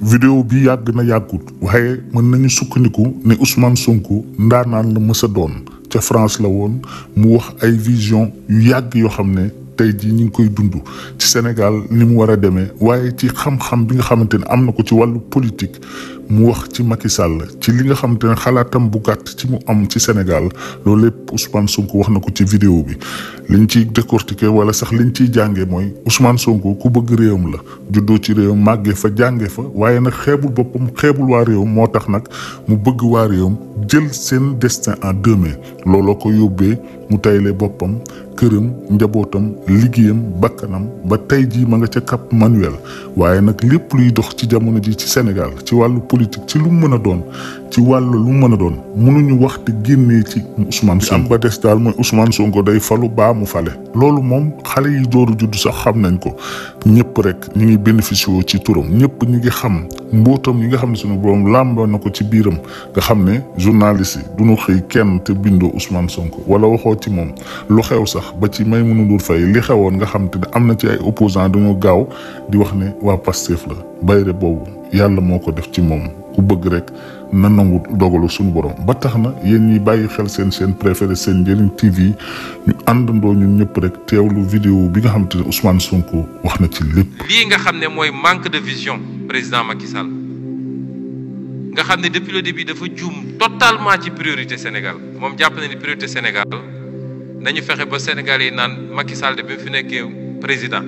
vidéo bi yàgg na yàggut waaye mën nañu sukkandiku ne Ousmane Sonko ndaanaan la mës a doon ca France la woon mu wax ay vision yu yàgg yoo xam ne tey jii ñu ngi koy dund ci Sénégal ni mu war a demee waaye ci xam-xam bi nga xamante ne am na ko ci wàllu politique mu wax ci Macky Sall ci li nga xam xalaatam bu gàtt ci mu am ci Sénégal loolu lépp Ousmane Sonko wax na ci vidéo bi liñ ciy décortiquer wala sax liñ ciy jàngee mooy Ousmane Sonko ku bëgg réewam la juddoo ci réewam màggee fa jàngee fa waaye nag xeebul boppam xeebul waa réewam moo tax nag mu bëgg waa réewam jël seen destin en deux mains looloo ko yóbbee mu tayle boppam këram njabootam liggéeyam bakkanam ba tey jii ma nga ca cap manuel waaye nag lépp luy dox ci jamono ji ci Sénégal ci wàllu politique ci lu mu mën a doon ci wàll lu mu mën a doon mënuñu ñu te génnee ci Ousmane Sonko. am ba des daal mooy Ousmane Sonko day falu baa mu fale. loolu moom xale yi dooru judd sax xam nañ ko ñëpp rek ñu ngi bénéficié ci turam ñëpp ñu ngi xam mbootam yi nga xam ne sunu borom làmba na ko ci biiram nga xam ne journaliste yi duñu xëy kenn te bindoo Ousmane Sonko wala waxoo ci moom lu xew sax ba ci may mënu dul fay li xewoon nga xam te ne am na ci ay opposants dañoo gaaw di wax ne yàlla moo ko def ci moom ku bëgg rek na nangu dogalu suñu borom ba tax na yéen ñi bàyyi xel seen seen préféré seen njëriñ TV ñu àndandoo ñun ñëpp rek lu vidéo bi nga xam te ne Ousmane Sonko wax na ci lépp. lii nga xam ne mooy manque de vision président Macky Sall nga xam ne depuis le début dafa juum totalement ci priorité Sénégal moom jàpp na ni priorité Sénégal nañu fexe ba Sénégal yi naan Macky Sall de bi mu fi nekkee président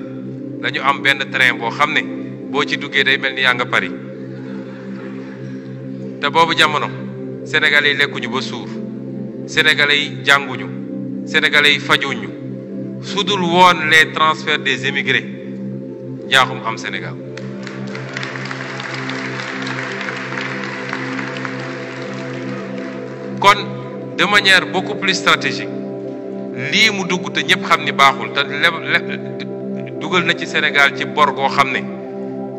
dañu am benn train boo xam ne. boo ci duggee day mel ni yaa nga Paris te boobu jamono sénégalais yi lekkuñu ba suur sénégalais yi jànguñu sénégalais yi fajuñu su dul woon les transferts des émigrés njaaxum am Sénégal kon de manière beaucoup plus stratégique lii mu dugg te ñëpp xam ni baaxul te le dugal na ci Sénégal ci bor goo xam ne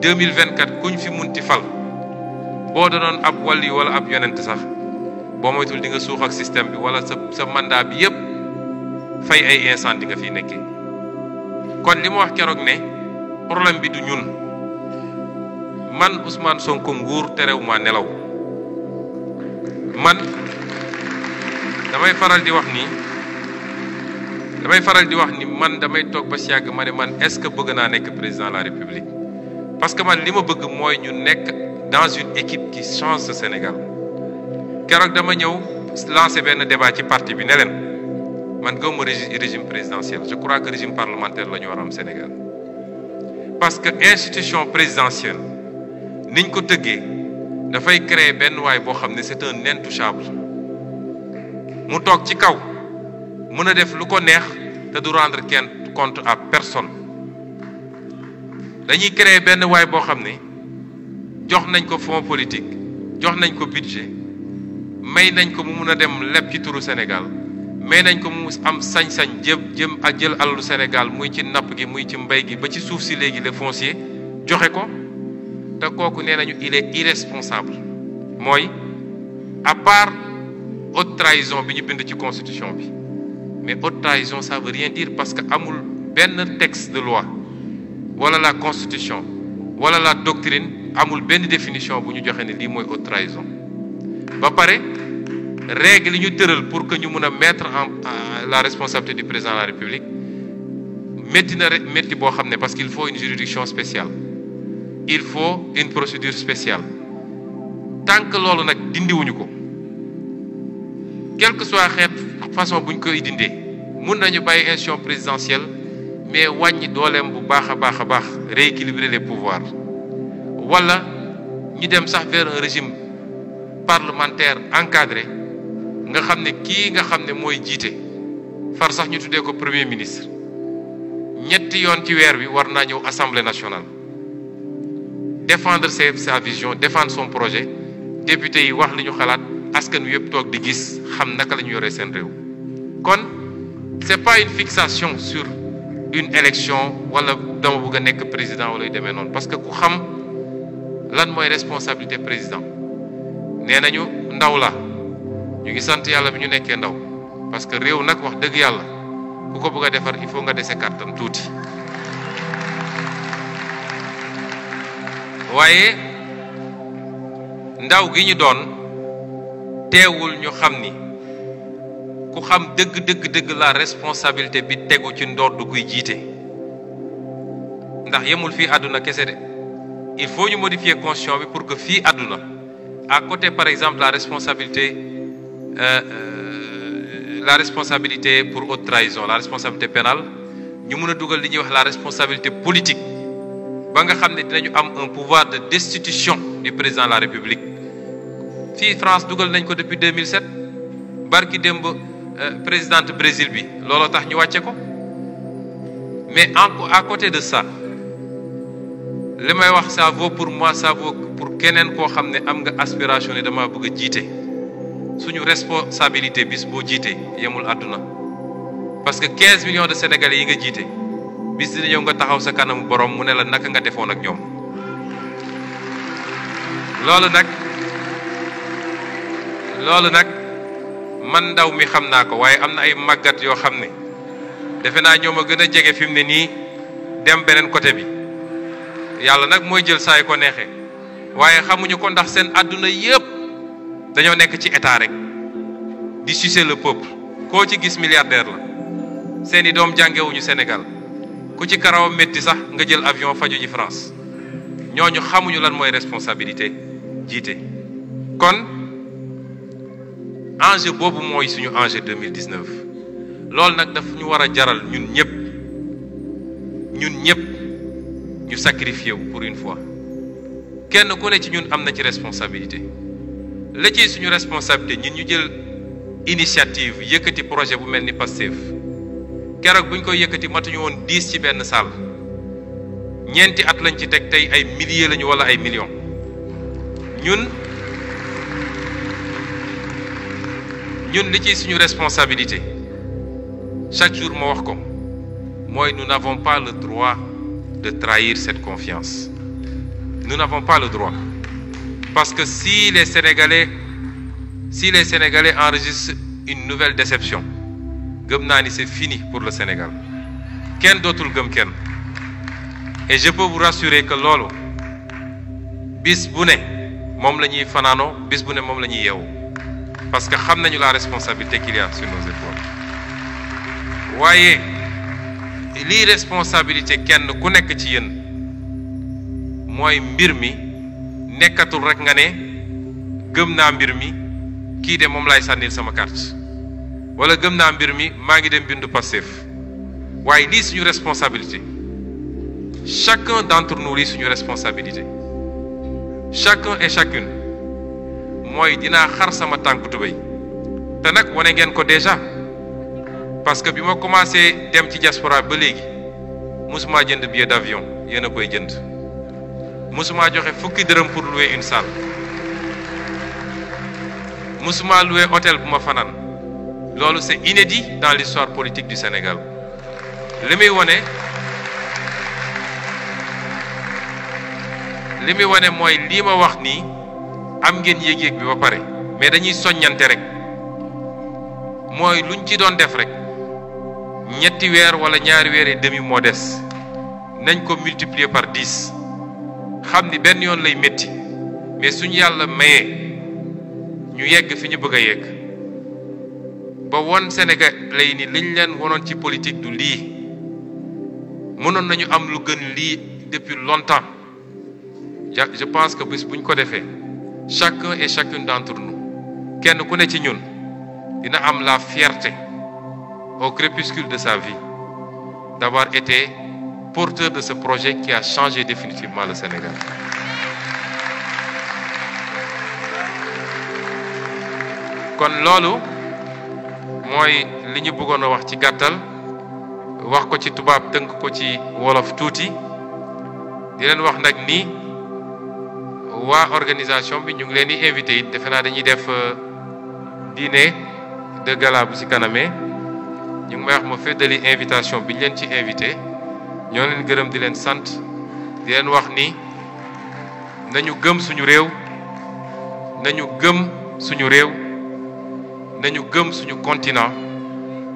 2024 kuñ fi munti fal boo non ab wali wala ab yonent sax bo moytul di nga suux ak système bi wala sa sa mandat bi yeb fay ay incendie nga fi nekkee kon limu wax kérok né problème bi du ñun man Ousmane Sonko nguur terew nelaw man damay faral di wax ni damay faral di wax ni man damay tok ba si mané man est-ce que bëgg na nekk président de la république parce que man li ma bëgg mooy ñu dans une équipe qui change le Sénégal je dama ñëw lancer un débat ci parti bi ne leen régime présidentiel je crois que régime parlementaire est le Sénégal parce que institution présidentielle niñ ko tëggee dafay créer ben waay boo qui ne c'est un intouchable mu toog ci kaw mën def lu neex te rendre compte à personne dañuy créer benn waay boo xam ne jox nañ ko fonds politique jox nañ ko budget may nañ ko mu mun a dem leb ci turu Sénégal may nañ ko mu am sañ-sañ jëm jëm ak jël alalu Sénégal muy ci napp gi muy ci mbay gi ba ci suuf si léegi le foncier joxe ko te kooku nee nañu il est irresponsable mooy à part haute trahison bi ñu bind ci constitution bi mais haute trahison ça veut rien dire parce que amul benn texte de loi voilà la constitution voilà la doctrine amul benn définition bu définition joxe trahison ba paré règle pour que ñu mëna mettre en euh, la responsabilité du président de la république mettre na parce qu'il faut une juridiction spéciale il faut une procédure spéciale tant que nak dindi wuñu ko quel que soit la façon dont nous koy dindee mun baye présidentielle mais wàññi dooleem bu baax a baax a baax rééquilibrer les pouvoirs wala ñu dem sax vers un régime parlementaire encadré nga xam ne kii nga xam ne mooy jiite far sax ñu tuddee ko premier ministre ñetti yoon ci weer bi war naa ñëw assemblée nationale défendre sa sa vision défendre son projet député yi wax li ñu xalaat askan wi yëpp toog di gis xam naka la ñu yoree seen réew kon c'est pas une fixation sur une élection wala dama bëgg président wala parce que ku xam est responsabilité président nous nañu ndaw la ñu ngi parce que rien n'a wax de ku ko bëgg il faut nga ses cartes tout nous ndaw gi ku xam dëgg dëgg dëgg la responsabilité bi tegu ci du kuy jiite ndax yemul fii àdduna kese de il faut ñu modifier constitution bi pour que fii àdduna à côté par exemple la responsabilité euh, euh, la responsabilité pour haute trahison la responsabilité pénale ñu mën a dugal li ñuy wax la responsabilité politique ba nga xam ne dinañu am un pouvoir de destitution du président de la république fii France dugal nañ ko depuis 2007 barki démb euh, présidente Brésil bi looloo tax ñu ko mais en à côté de ça li may wax ça vaut pour moi ça vaut pour keneen koo xam am nga aspiration de dama bëgg a jiite suñu responsabilité bis boo jiitee yemul parce que 15 millions de sénégalais yi nga bis dina ñëw nga taxaw sa kanam borom mu ne la naka nga defoon ak ñom lolu nak lolu nak man ndaw mi xam naa ko waaye am na ay màggat yoo xam ne defe naa ñoom a gën a jege fi mu ne nii dem beneen côté bi yàlla nag mooy jël saay ko neexee waaye xamuñu ko ndax seen àdduna yépp dañoo nekk ci état rek di sucer le peuple koo ci gis milliardaire la seen i doom jàngewuñu Sénégal ku ci karawam métti sax nga jël avion faju ji France ñooñu xamuñu lan mooy responsabilité jiite kon enjeu bobu moy suñu enjeu 2019 loolu nak daf ñu wara jaral ñun ñëpp ñun ñëpp ñu sacrifier pour une fois kenn ku ne ci ñun am na ci responsabilité la ci suñu responsabilité ñun ñu jël initiative yëkëti projet bu melni passif Pastef buñ bu yëkëti matu ñu won 10 ci benn salle ñenti at lañ ci tek tay ay milliers lañu wala ay millions ñun. Nous avons ci responsabilité chaque jour nous n'avons pas le droit de trahir cette confiance nous n'avons pas le droit parce que si les Sénégalais si les Sénégalais enregistrent une nouvelle déception c'est fini pour le Sénégal kenn gëm et je peux vous rassurer que lolo, bis bu ne moom parce que nous savons la responsabilité qu'il y a sur nos épaules Voyez, lii responsabilité kenn ku nekk ci moi, mooy mbir ne nekkatul rek nga ne gëm naa mbir mi kii de moom laay sama carte wala gëm naa mbir mi maa ngi dem bindu Pastef waaye li suñu responsabilité chacun d'entre nous c'est une responsabilité chacun et chacune mooy dinaa xar sama tànk tubéy te nag wane ngeen ko déjà parce que bi ma commencé dem ci diaspora ba léegi mosuma jënd billet d'avion yéen a koy jënd mosuma joxe fukki dërëm pour louer une salle mosuma louer hôtel bu ma fanaan loolu c'est inédit dans l'histoire politique du Sénégal li muy wane li muy wane mooy ma wax nii am ngeen yéeg-yéeg bi ba pare mais dañuy soññante rek mooy luñ ci doon def rek ñetti weer wala ñaari weer et demi moo des nañ ko multiplier par dix xam ni benn yoon lay métti mais suñu yàlla mayee ñu yegg fi ñu bëgg a yegg ba won Sénégal lay ni liñ leen wonoon ci politique du lii mënoon nañu am lu gën lii depuis longtemps je pense que bis buñ ko defee chacun et chacune d'entre nous qui nous connaît ci ñun a la fierté au crépuscule de sa vie d'avoir été porteur de ce projet qui a changé définitivement le Sénégal. kon lolu moy li ñu bëggoon wax ci gattal wax ko ci tubab teunk ko ci wolof tuuti di len wax nak ni waa organisation bi ñu ngi leen di invité it defe naa dañuy def euh, dîner de gala bu ci kanamee ñu ngi may wax ma feddali invitation bi ñu leen ci invité ñoo leen gërëm di leen sant di leen wax ni nañu gëm suñu réew nañu gëm suñu réew nañu gëm suñu continent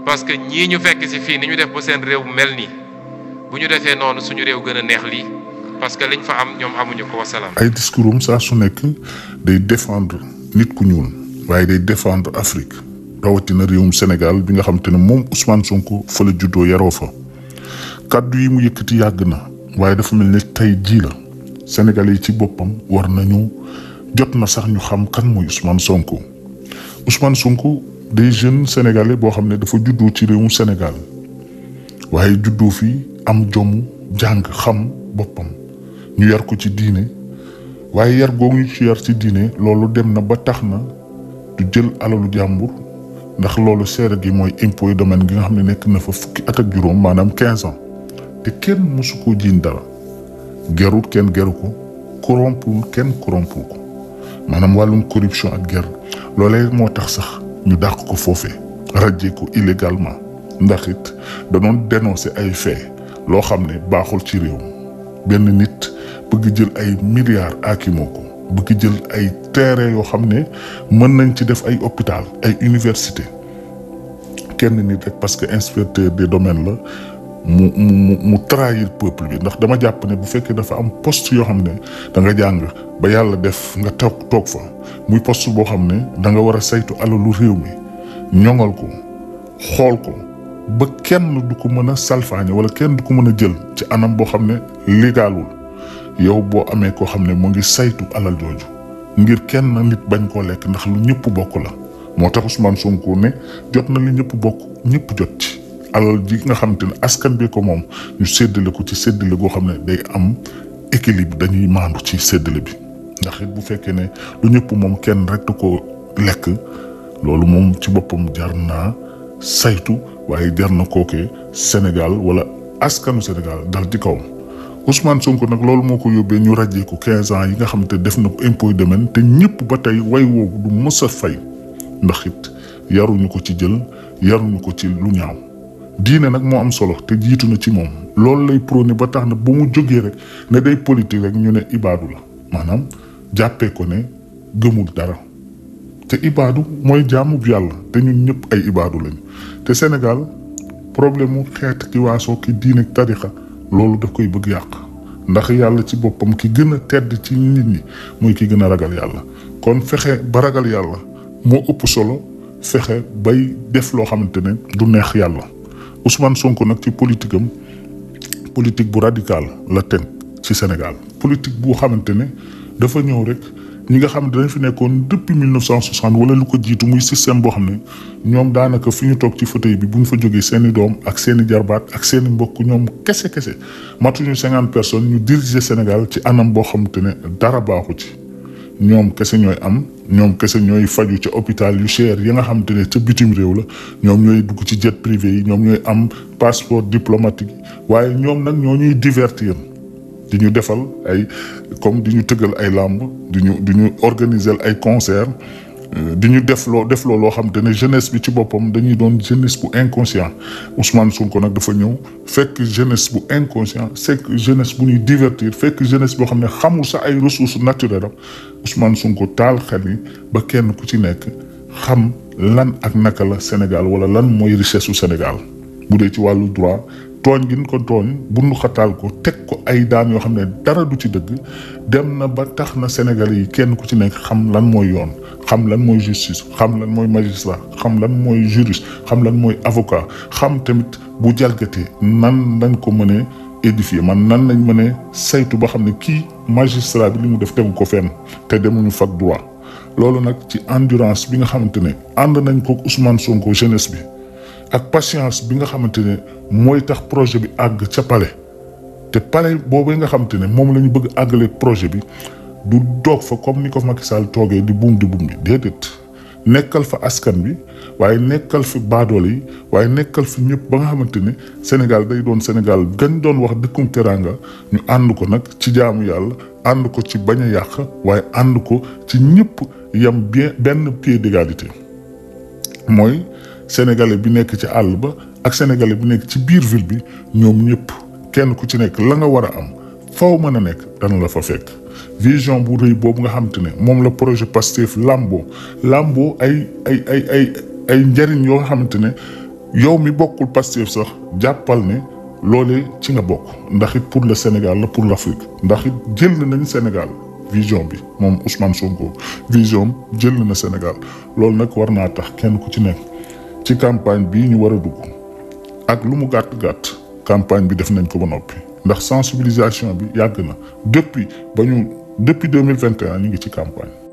parce que ñii ñu fekk ci fii ni ñu def ba seen réew mel nii bu ñu defee noonu suñu réew gën a neex lii parce ay discours am saa su nekk day défendre nit ku ñuul waaye day défendre Afrique rawatina réewum Sénégal bi nga xam te ne moom Ousmane Sonko fa la juddoo yaroo fa kàddu yi mu yëkkati yàgg na waaye dafa mel ne tey jii la Sénégalais yi ci boppam war nañu jot na sax ñu xam kan mooy Ousmane Sonko Ousmane Sonko day jeune sénégalais boo xam ne dafa juddoo ci réewum Sénégal waaye juddoo fi am jomu jàng xam boppam. ñu yar ko ci diine waaye yar googu ñu ci yar ci diine loolu dem na ba tax na du jël alalu jàmbur ndax loolu seere gi mooy impôt yi domaine gi nga xam ne nekk na fa fukki at ak juróom maanaam quinze ans te kenn mosu koo jiiñ dara gerut kenn geru ko corrompul kenn corrompul ko maanaam wàllum corruption ak ger loolee moo tax sax ñu dàq ko foofee rajee ko illégalement ndax it danoon dénoncer ay fait loo xam ne baaxul ci réew benn nit bëgg jël ay milliards aakimoo ko bëgg jël ay terrain yoo xam ne mën nañ ci def ay hôpital ay université kenn nit rek parce que inspecteur des domaines la mu mu mu trahir peuple bi ndax dama jàpp ne bu fekkee dafa am post yoo xam ne da nga jàng ba yàlla def nga toog toog fa muy poste boo xam ne da nga war a saytu lu réew mi ñoŋal ko xool ko ba kenn du ko mën a salfaañe wala kenn du ko mën a jël ci anam boo xam ne ligaalul yow boo amee koo xam ne mu ngi saytu alal jooju ngir kenn nit bañ koo lekk ndax lu ñëpp bokk la moo tax Ousmane Sonko ne jot na li ñëpp bokk ñëpp jot ci alal ji nga xam te ne askan bi ko moom séddale ko ci séddale goo xam ne day am équilibre dañuy maandu ci séddale bi ndax it bu fekkee ne lu ñëpp moom kenn rek du ko lekk loolu moom ci boppam jar naa saytu waaye jar na kookee Sénégal wala askanu Sénégal dal ci kawam Ousmane Sonko nag loolu moo ko yóbbee ñu ràjjee ko 15 ans yi nga xam te def na ko impôt domaine te ñëpp ba tey way woowu du mës a fay ndax it yaruñu ko ci jël yaruñu ko ci lu ñaaw diine nag moo am solo te jiitu na ci moom loolu lay prôné ba tax na bu mu jógee rek ne day politique rek ñu ne ibaadu la maanaam jàppee ko ne gëmul dara te ibaadu mooy jaamub yàlla te ñu ñëpp ay ibaadu lañu te Sénégal problème mu xeet ki waasoo ki diine tarixa loolu daf koy bëgg yàq ndax yàlla ci boppam ki gën a tedd ci nit ñi muy ki gën a ragal yàlla kon fexe ba ragal yàlla moo ëpp solo fexe bay def loo xamante ne du neex yàlla Ousmane Sonko nag ci politique am politique bu radical la teg ci Sénégal politique bu xamante ne dafa ñëw rek ñi nga xam ne dañ fi nekkoon depuis 1960 wala lu ko jiitu muy système boo xam ne ñoom daanaka fi ñu toog ci fauteuil bi bu ñu fa jógee seeni doom ak seeni i jarbaat ak seeni i mbokk ñoom kese kese matuñu cinquante personne ñu diriger Sénégal ci anam boo xam ne dara baaxu ci. ñoom kese ñooy am ñoom kese ñooy faju ca hôpital yu cher yi nga xam te ne ca bitim réew la ñoom ñooy dugg ci jet privé yi ñoom ñooy am passeport diplomatique waaye ñoom nag ñoo ñuy divertir. di ay comme nous teugal ay lamb diñu diñu organiser ay concert euh, diñu def lo def lo lo xam te jeunesse bi ci bopam dañuy jeunesse bu inconscient Ousmane Sonko nak dafa ñew fekk jeunesse bu inconscient c'est jeunesse bu ñuy divertir fekk jeunesse bo que nous xamul sa ay ressources naturelles Ousmane Sonko taal xel ba kenn ku ci nekk xam lan ak naka la Sénégal wala lan moy richesse nous Sénégal bu ci walu droit tooñ gi ñu ko tooñ bunu xataal ko teg ko ay daan yoo xam ne dara du ci dëgg dem na ba tax na sénégal yi kenn ku ci nekk xam lan mooy yoon xam lan mooy justice xam lan mooy magistrat xam lan mooy juriste xam lan mooy avocat xam tamit bu jalgatee nan lañ ko mënee édifier man nan lañ mënee saytu ba xam ne kii magistrat bi li mu def tegu ko fenn te demuñu fac droit loolu nag ci endurance bi nga xamante ne ànd nañ ko Ousmane Sonko jeunesse bi. ak patience bi nga xamante ne mooy tax projet bi àgg ca pale te pale boobu nga xamante ne moom lañu bëgg àggale projet bi du doog fa comme ni ko Macky Sall toogee di buum di buum di déedéet nekkal fa askan bi waaye nekkal fi baadoole yi waaye nekkal fi ñëpp ba nga xamante ne Sénégal day doon Sénégal gañ doon wax dëkkum teraanga ñu ànd ko nag ci jaamu yàlla ànd ko ci bañ a yàq waaye ànd ko ci ñëpp yam bien benn pied d'égalité mooy sénégalais bi nekk ci àll ba ak sénégalais bi nekk ci biir ville bi ñoom ñëpp kenn ku ci nekk la nga war a am faw mën a nekk dana la fa fekk vision bu rëy boobu nga xam ne moom la projet Pastef làmboo làmboo ay ay ay ay ay njariñ yoo nga xamante ne yow mi bokkul Pastef sax jàppal ne loolee ci nga bokk ndax it pour le Sénégal la pour l'Afrique ndax it jël nañ Sénégal vision bi moom Ousmane Sonko vision jël na Sénégal loolu nag war naa tax kenn ku ci nekk ci campagne bi ñu war a dugg ak lu mu gàtt gàtt campagne bi def nañ ko ba noppi ndax sensibilisation bi yàgg na depuis ba ñu depuis deux ñu ngi ci campagne.